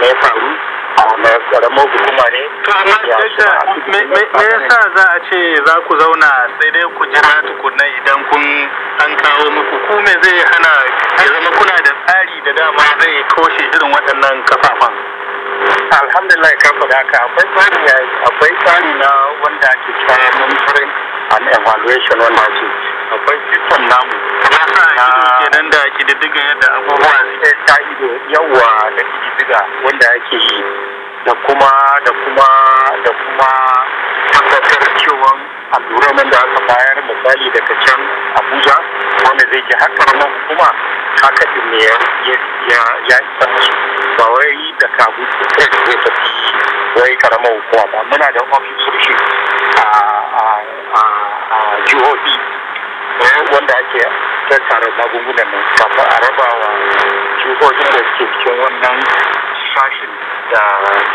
abin ya faru a karamar hukuma ne to amma me yasa za a ce za ku zauna sai dai ku jira tukunna idan kun an kawo muku ku me zai hana ya zama kuna da tsari da dama zai koshe irin waɗannan kafafan alhamdulillah ka faɗa ka akwai tsari akwai tsari na wanda ake cewa monitoring an evaluation wanda ake akwai system namu na kenan da kididdigan yadda abubuwa suke ta eh, ido yawa da yoga wanda ake yi da kuma da kuma da kuma tabbatar cewa alluran da aka bayar misali daga can abuja wanda zai ji haka karamar kuma haka ne ya isa musu ba wai da kabu zai tafi wai karamar hukuma ba muna da ofisoshi a jihohi eh, wanda ake tattara magungunan nan kafin a rabawa 如果真的解决我们沙市的